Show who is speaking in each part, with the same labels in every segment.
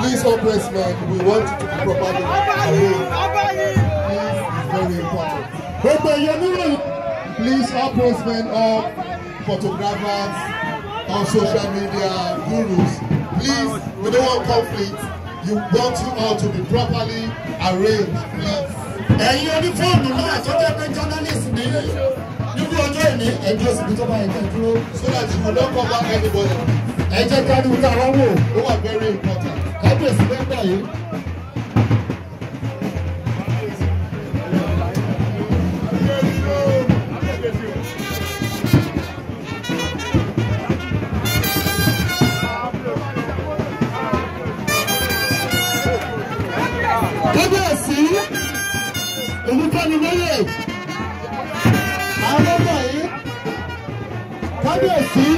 Speaker 1: Please, all man. we want it to be properly arranged. This is very important. Please, all pressmen, all photographers, or social media gurus, please, we don't want conflict. You want you all to be properly arranged, please. And Ẹ̀yin orí fóònù náà tó jẹ́ pé journalist ni nínú ọjọ́ ìní ẹ̀dí oṣù tó bá ẹ̀jẹ̀ dúró. So that you will not cover anybody. And jẹ́ ká ní ìta wá wò. very important kábíyèsí ló ń gbà yìí. kábíyèsí èyí kọ́ ni lóye àwọn ọmọ yìí kábíyèsí.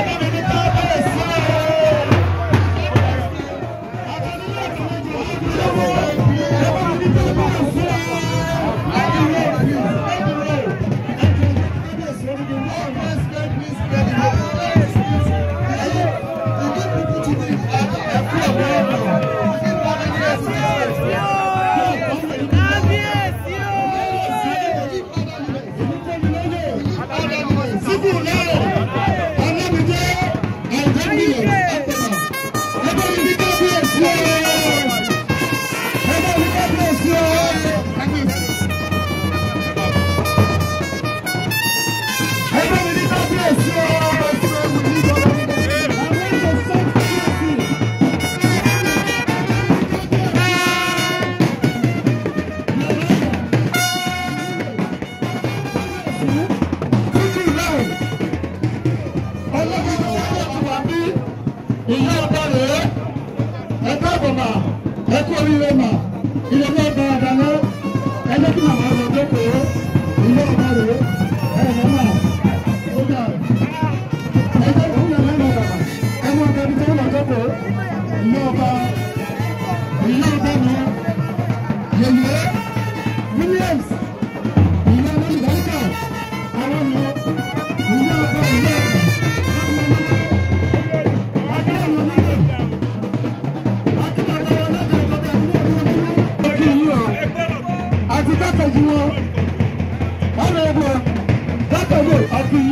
Speaker 1: Thank you. oríire mà ilé ẹgbẹ́ ọ̀gá ọ̀gá lọ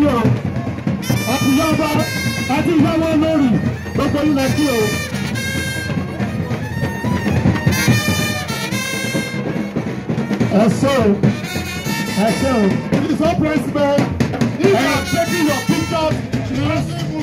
Speaker 1: kí o àti ìyáwó àti ìyáwó lórí gbogbo yín la kí o. Ẹ̀sọ́ ẹ̀sọ́. It is all praise man. If you are taking your pictures, you should.